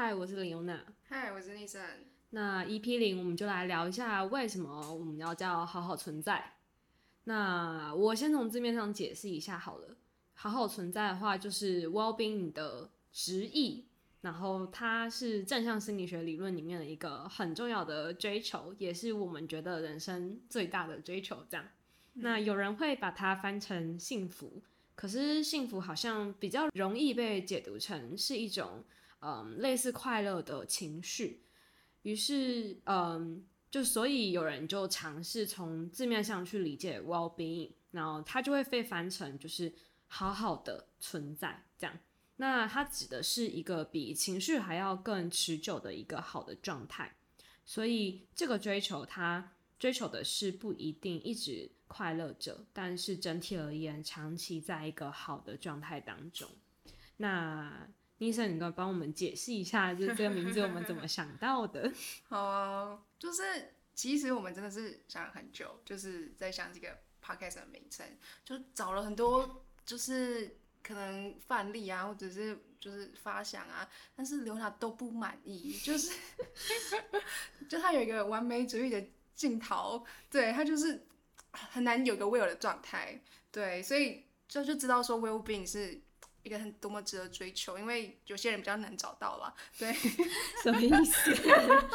嗨，Hi, 我是李優娜。嗨，我是麗珊。那 EP 零，我們就來聊一下為什麼我們要叫好好存在。那我先從字面上解釋一下好了。好好存在的話，就是 well-being 的直譯，然後它是正向心理學理論裡面的一個很重要的追求，也是我們覺得人生最大的追求。這樣，嗯、那有人會把它翻成幸福，可是幸福好像比較容易被解讀成是一種。嗯，類似快樂的情緒，於是，嗯，就所以有人就嘗試從字面上去理解 well-being，然後他就會被翻成就是好好的存在這樣。那它指的是一個比情緒還要更持久的一個好的狀態。所以這個追求，它追求的是不一定一直快樂着，但是整體而言，長期在一個好的狀態當中，那。醫生，你可以幫我們解釋一下，就是、這個名字我們怎麼想到的？ 好、啊、就是其實我們真的是想很久，就是在想這個 podcast 的名稱，就找了很多，就是可能範例啊，或者是就是發想啊，但是劉娜都不滿意，就是 就他有一個完美主義的鏡頭，對，他就是很難有個 well 的狀態，對，所以就就知道說 well-being 是。一個很多麼值得追求，因為有些人比較難找到了。對，什麼意思、啊？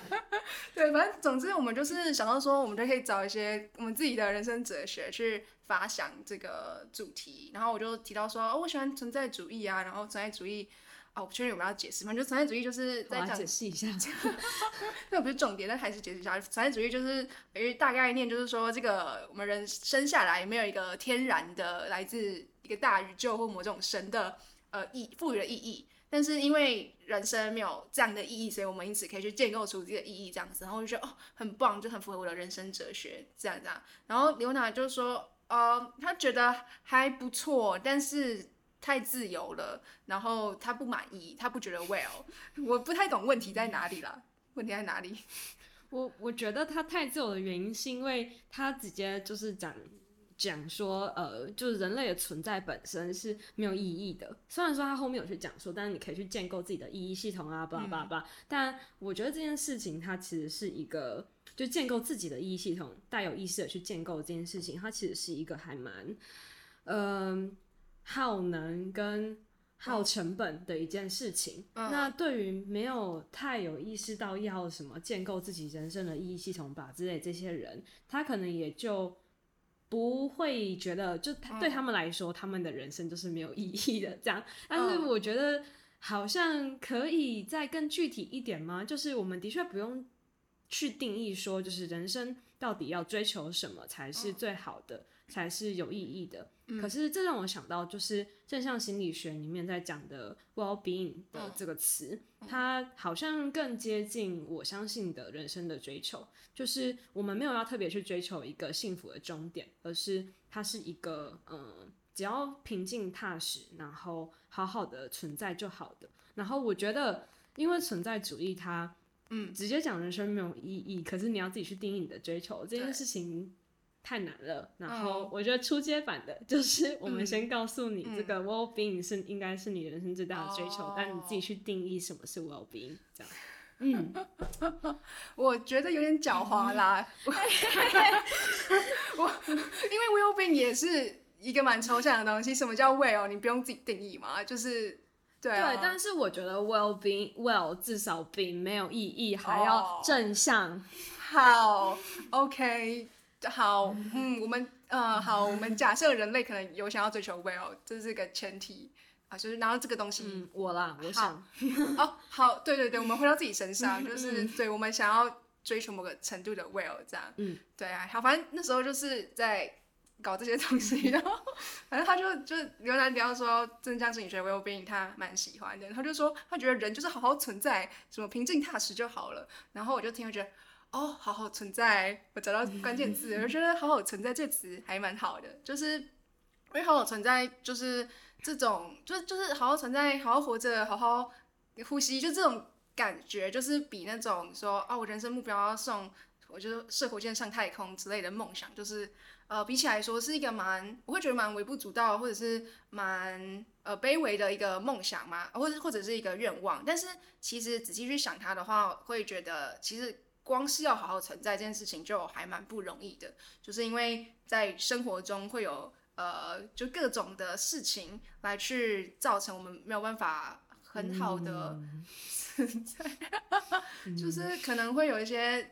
對，反正總之我們就是想到說，說，我們就可以找一些我們自己的人生哲學去發想這個主題。然後我就提到說，哦、我喜歡存在主義啊。然後存在主義，哦、啊，我不確定我們要解釋，反正就存在主義就是在講，解釋一下，這樣。那不是重點，但還是解釋一下。存在主義就是，比於大概概念就是說，這個我們人生下來沒有一個天然的來自，一個大宇宙或某種神的呃意賦予的意義，但是因為人生沒有這樣的意義，所以我們因此可以去建構出自己的意義這樣子，然後就覺得哦，很棒，就很符合我的人生哲學這樣子這樣。然後劉娜就說，呃，她覺得還不錯，但是太自由了，然後她不滿意，她不覺得 well。我不太懂問題在哪裡啦，問題在哪裡？我我覺得他太自由的原因是因為他直接就是講。講說，呃，就是人類的存在本身是沒有意義的。雖然說他後面有去講說，但是你可以去建構自己的意義系統啊，巴拉巴拉。但我覺得這件事情它其實是一個，就建構自己的意義系統，帶有意識的去建構這件事情，它其實是一個還蠻，嗯、呃，耗能跟耗成本的一件事情。哦、那對於沒有太有意識到要什麼建構自己人生的意義系統吧之類的這些人，他可能也就。不會覺得，就對他們來說，嗯、他們的人生就是沒有意義的這樣。但是我覺得，好像可以再更具體一點嗎？就是我們的確不用去定義說，就是人生到底要追求什麼才是最好的。嗯才是有意義的。嗯、可是這讓我想到，就是正向心理學裡面在講的 “well-being” 的這個詞，哦、它好像更接近我相信的人生的追求。就是我們沒有要特別去追求一個幸福的終點，而是它是一個嗯、呃，只要平靜踏實，然後好好的存在就好的。然後我覺得，因為存在主義它嗯，直接講人生沒有意義，可是你要自己去定義你的追求這件事情。太難了，然後我覺得初階版的就是我們先告訴你這個 well being、嗯嗯、是應該是你人生最大的追求，哦、但你自己去定義什麼是 well being，這樣。嗯，我覺得有點狡猾啦。我因為 well being 也是一個蠻抽象的東西，什麼叫 well？你不用自己定義嘛？就是對、啊、對，但是我覺得 well being well 至少比沒有意義，還要正向。Oh, 好，OK。 好，嗯，我們，呃，好，我們假設人類可能有想要追求 well，這是個前提啊，就是拿到這個東西，我啦，我想，哦，好，對對對，我們回到自己身上，就是，對，我們想要追求某個程度的 well，這樣，嗯，對啊，好，反正那時候就是在搞這些東西，然後，反正他就就是劉蘭比方說，正向心理學 well-being，他蠻喜歡的，他就說他覺得人就是好好存在，什麼平靜踏實就好了，然後我就聽，我覺得。哦，oh, 好好存在，我找到關鍵字，我覺得好好存在這詞還蠻好的， 就是，因為好好存在就是這種，就就是好好存在，好好活着，好好呼吸，就這種感覺，就是比那種說啊，我人生目標要送，我就是射火箭上太空之類的夢想，就是呃，比起來說是一個蠻，我會覺得蠻微不足道，或者是蠻呃卑微的一個夢想嘛，或者或者是一個願望，但是其實仔細去想它的話，我會覺得其實。光是要好好存在這件事情，就還蠻不容易的，就是因為在生活中會有呃，就各種的事情來去造成我們沒有辦法很好的存在、嗯， 就是可能會有一些。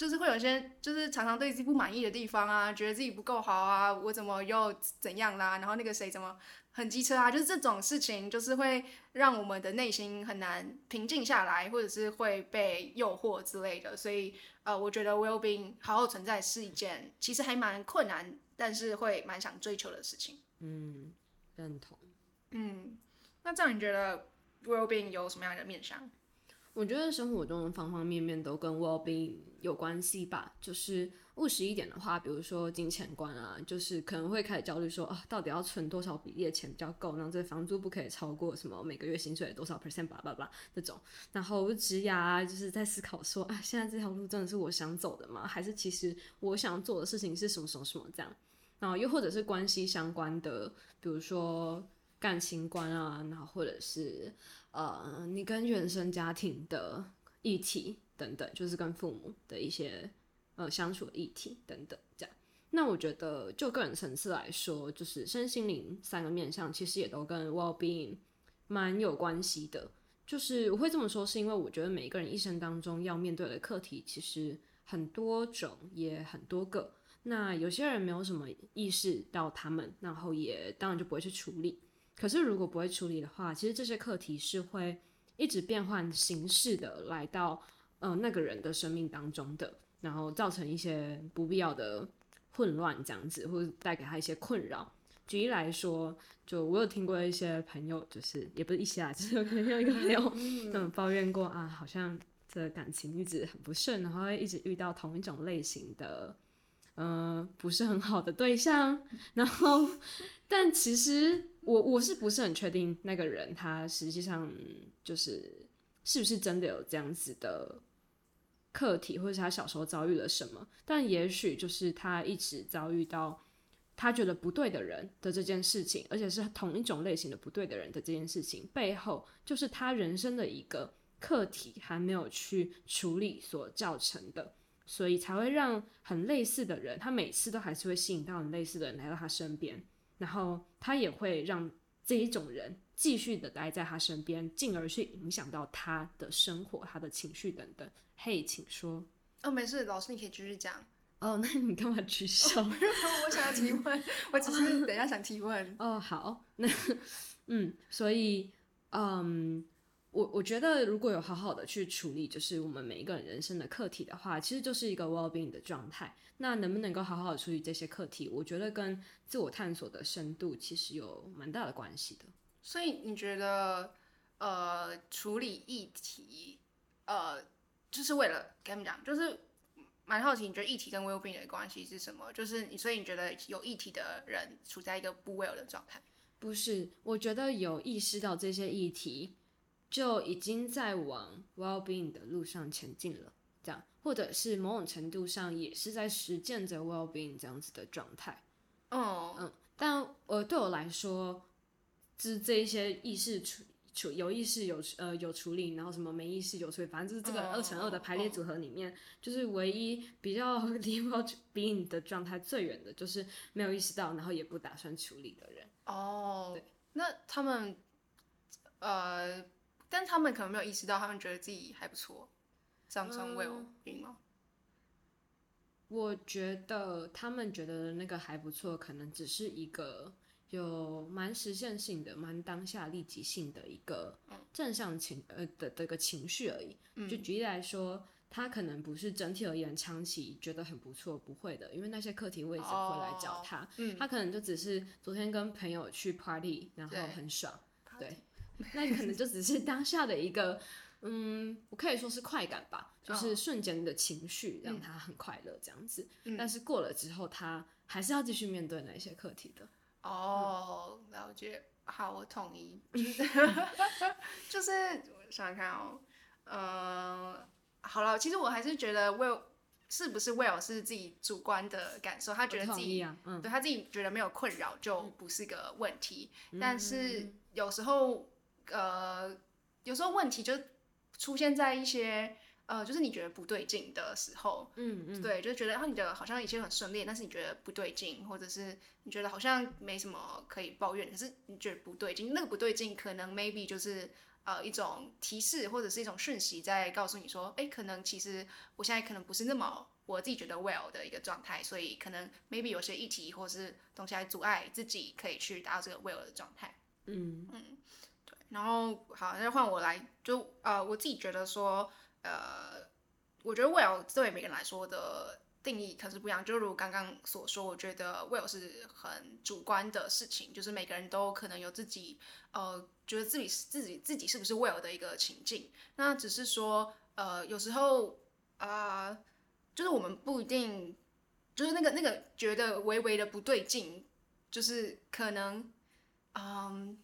就是會有些，就是常常對自己不滿意的地方啊，覺得自己不夠好啊，我怎麼又怎樣啦，啊？然後那個誰怎麼很機車啊？就是這種事情，就是會讓我們的內心很難平靜下來，或者是會被誘惑之類的。所以，呃，我覺得 well-being 好好存在是一件其實還蠻困難，但是會蠻想追求的事情。嗯，認同。嗯，那這樣你覺得 well-being 有什麼樣的面向？我覺得生活中方方面面都跟 well being 有關係吧。就是務實一點的話，比如說金錢觀啊，就是可能會開始焦慮說，啊，到底要存多少比例的錢比較夠？然後這房租不可以超過什麼每個月薪水多少 percent 吧，吧吧這種。然後職涯啊，就是在思考說，啊，現在這條路真的是我想走的嗎？還是其實我想做的事情是什麼什麼什麼這樣？然後又或者是關係相關的，比如說感情觀啊，然後或者是。呃，你跟原生家庭的議題等等，就是跟父母的一些呃相處的議題等等，這樣。那我覺得，就個人層次來說，就是身心靈三個面向，其實也都跟 well-being 蠻有關係的。就是我會這麼說，是因為我覺得每個人一生當中要面對的課題，其實很多種也很多個。那有些人沒有什麼意識到他們，然後也當然就不會去處理。可是，如果不會處理的話，其實這些課題是會一直變換形式的來到呃那個人的生命當中的，然後造成一些不必要的混亂，這樣子或者帶給他一些困擾。舉例來說，就我有聽過一些朋友，就是也不是一下子，來，就是朋友一個朋友，嗯，抱怨過啊，好像這感情一直很不順，然後會一直遇到同一種類型的，嗯、呃，不是很好的對象，然後但其實。我我是不是很確定那個人他實際上就是，是不是真的有這樣子的課題，或是他小時候遭遇了什麼？但也許就是他一直遭遇到他覺得不對的人的這件事情，而且是同一種類型的不對的人的這件事情背後，就是他人生的一個課題還沒有去處理所造成的，所以才會讓很類似的人，他每次都還是會吸引到很類似的人來到他身邊。然後他也會讓這一種人繼續的待在他身邊，進而去影響到他的生活、他的情緒等等。嘿、hey，請說。哦，沒事，老師你可以繼續講。哦，那你幹嘛舉手，哦？我想要提問， 我只是等一下想提問。哦，哦，好，那嗯，所以嗯。Um, 我我覺得，如果有好好的去處理，就是我們每一個人人生的課題的話，其實就是一個 well-being 的狀態。那能不能夠好好的處理這些課題，我覺得跟自我探索的深度其實有蠻大的關係的。所以你覺得，呃，處理議題，呃，就是為了跟你們講，就是蠻好奇，你覺得議題跟 well-being 的關係是什麼？就是你，所以你覺得有議題的人處在一個不 well 的狀態？不是，我覺得有意識到這些議題。就已經在往 well being 的路上前進了，這樣，或者是某種程度上也是在實踐着 well being 這樣子的狀態。哦，oh. 嗯，但呃，對我來說，就是這一些意識處處有意識有呃有處理，然後什麼沒意識有處理，反正就是這個二乘二的排列組合裡面，oh. Oh. 就是唯一比較離 well being 的狀態最遠的，就是沒有意識到，然後也不打算處理的人。哦，oh. 對，那他們，呃、uh。.但他們可能沒有意識到，他們覺得自己還不錯，掌聲為我嗎？嗯、you know 我覺得他們覺得那個還不錯，可能只是一個有蠻實現性的、蠻當下立即性的一個正向情、嗯、呃的這個情緒而已。嗯、就舉例來說，他可能不是整體而言長期覺得很不錯，不會的，因為那些課題我也會來找他。哦嗯、他可能就只是昨天跟朋友去 party，然後很爽，對。對。那你可能就只是當下的一個， 嗯，我可以說是快感吧，就是瞬間的情緒讓他很快樂這樣子，哦嗯、但是過了之後，他還是要繼續面對那些課題的。哦，那我覺得好，我同意， 就是我想想看哦，嗯、呃，好了，其實我還是覺得 well 是不是 well 是自己主觀的感受，他覺得自己，啊、嗯對，他自己覺得沒有困擾就不是個問題，嗯、但是有時候。呃，有時候問題就出現在一些呃，就是你覺得不對勁的時候，嗯嗯，嗯對，就是覺得，然、啊、後你的好像一切很順利，但是你覺得不對勁，或者是你覺得好像沒什麼可以抱怨，可是你覺得不對勁，那個不對勁可能 maybe 就是呃一種提示或者是一種訊息在告訴你說，哎、欸，可能其實我現在可能不是那麼我自己覺得 well 的一個狀態，所以可能 maybe 有些議題或者是東西來阻礙自己可以去達到這個 well 的狀態，嗯嗯。嗯然後好，那就換我來。就呃，我自己覺得說，呃，我覺得 well 對每個人來說的定義它是不一樣。就如剛剛所說，我覺得 well 是很主觀的事情，就是每個人都可能有自己，呃，覺得自己自己自己是不是 well 的一個情境。那只是說，呃，有時候啊、呃，就是我們不一定，就是那個那個覺得微微的不對勁，就是可能，嗯、呃。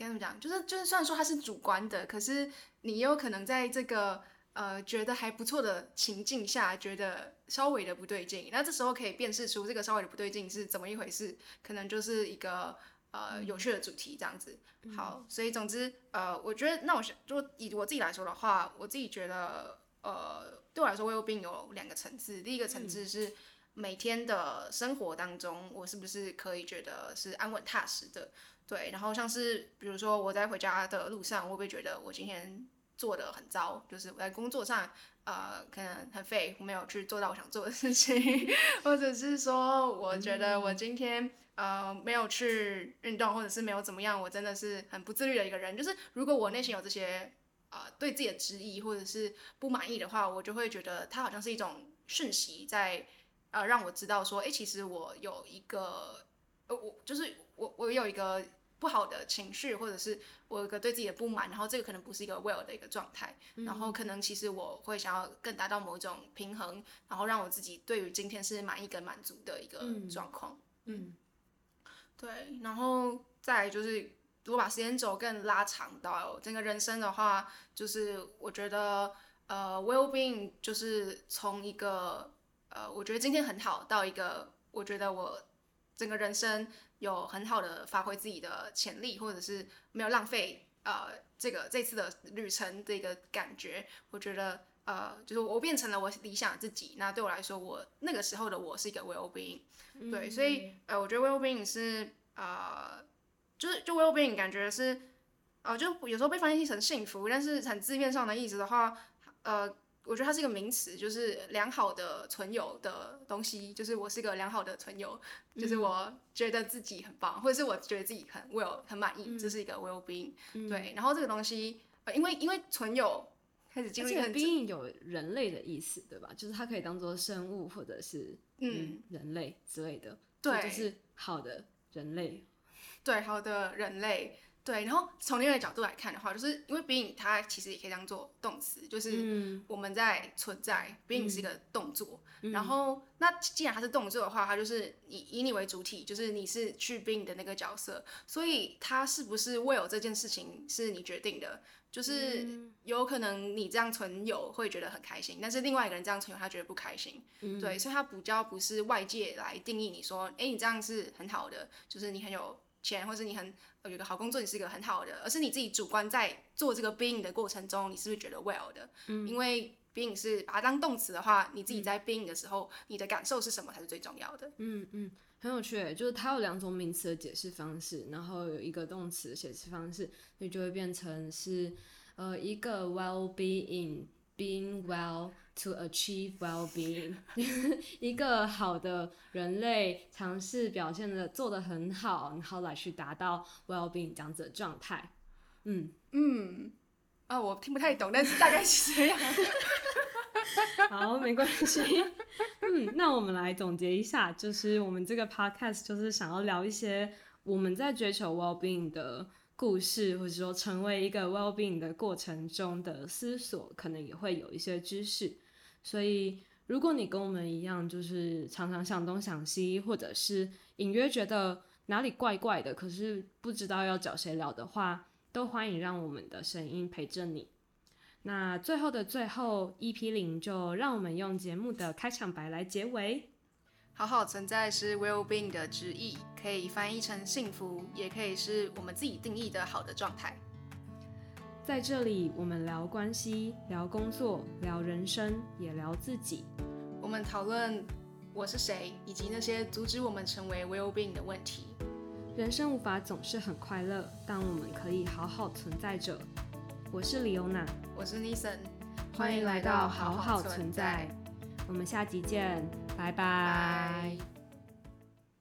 該怎麼講？就是就是，雖然說它是主觀的，可是你也有可能在這個呃覺得還不錯的情境下，覺得稍微的不對勁。那這時候可以辨識出這個稍微的不對勁是怎麼一回事？可能就是一個呃有趣的主題這樣子。好，所以總之呃，我覺得那我想就以我自己來說的話，我自己覺得呃對我來說，Well-being 有兩個層次。第一個層次是每天的生活當中，我是不是可以覺得是安穩踏實的？對，然後像是比如說我在回家的路上，我會不會覺得我今天做得很糟？就是我在工作上，呃，可能很廢，我沒有去做到我想做的事情，或者是說，我覺得我今天、嗯、呃沒有去運動，或者是沒有怎麼樣，我真的是很不自律的一個人。就是如果我內心有這些啊、呃、對自己的質疑或者是不滿意的話，我就會覺得它好像是一種訊息在呃讓我知道說，哎，其實我有一個呃我就是我我有一個。不好的情緒，或者是我一個對自己的不滿，然後這個可能不是一個 well 的一個狀態，嗯，然後可能其實我會想要更達到某一種平衡，然後讓我自己對於今天是滿意跟滿足的一個狀況。嗯，嗯，對，然後再就是如果把時間軸更拉長到整個人生的話，就是我覺得呃 well-being 就是從一個呃我覺得今天很好到一個我覺得我整個人生。有很好的發揮自己的潛力，或者是沒有浪費，呃，這個這次的旅程這個感覺，我覺得，呃，就是我變成了我理想的自己。那對我來說，我那個時候的我是一個 well-being，、嗯、對，所以，呃，我覺得 well-being 是，呃，就是就 well-being 感覺是，呃，就有時候被翻譯成幸福，但是很字面上的意思的話，呃。我覺得它是一個名詞，就是良好的存有的東西，就是我是一個良好的存有，就是我覺得自己很棒，嗯、或者是我覺得自己很 well 很滿意，嗯、這是一個 well being、嗯。對，然後這個東西，呃、因為因為存有開始經歷 being 有人類的意思，對吧？就是它可以當做生物或者是嗯人類之類的，對，就是好的人類，對，好的人類。對，然後從另外一個角度來看的話，就是因為 being 它其實也可以當做動詞，就是我們在存在 being、嗯、是一個動作。嗯、然後那既然它是動作的話，它就是以以你為主體，就是你是去 being 的那個角色。所以它是不是 well 這件事情是你決定的？就是有可能你這樣存有會覺得很開心，但是另外一個人這樣存有他覺得不開心。嗯、對，所以他比較不是外界來定義你說，哎、嗯，你這樣是很好的，就是你很有錢，或是你很。我覺得好工作你是一個很好的，而是你自己主觀在做這個 being 的過程中，你是不是覺得 well 的？嗯，因為 being 是把它當動詞的話，你自己在 being 的時候，嗯、你的感受是什麼才是最重要的？嗯嗯，很有趣，就是它有兩種名詞的解釋方式，然後有一個動詞的解釋方式，所以就會變成是呃一個 well-being，being being well。to achieve well-being， 一個好的人類嘗試表現得 做得很好，然後來去達到 well-being 這樣子的狀態。嗯嗯，啊、哦，我聽不太懂， 但是大概是這樣。 好，沒關係。嗯，那我們來總結一下，就是我們這個 podcast 就是想要聊一些我們在追求 well-being 的故事，或者說成為一個 well-being 的過程中的思索，可能也會有一些知識。所以，如果你跟我們一樣，就是常常想東想西，或者是隱約覺得哪裡怪怪的，可是不知道要找誰聊的話，都歡迎讓我們的聲音陪着你。那最後的最後，EP 零就讓我們用節目的開場白來結尾。好好存在是 well-being 的直譯，可以翻譯成幸福，也可以是我們自己定義的好的狀態。在這裡，我們聊關係，聊工作，聊人生，也聊自己。我們討論我是誰，以及那些阻止我們成為 well-being 的問題。人生無法總是很快樂，但我們可以好好存在着。我是 Leona，我是 Nissan，歡迎來到好好存在。好好存在。我們下集見，拜拜。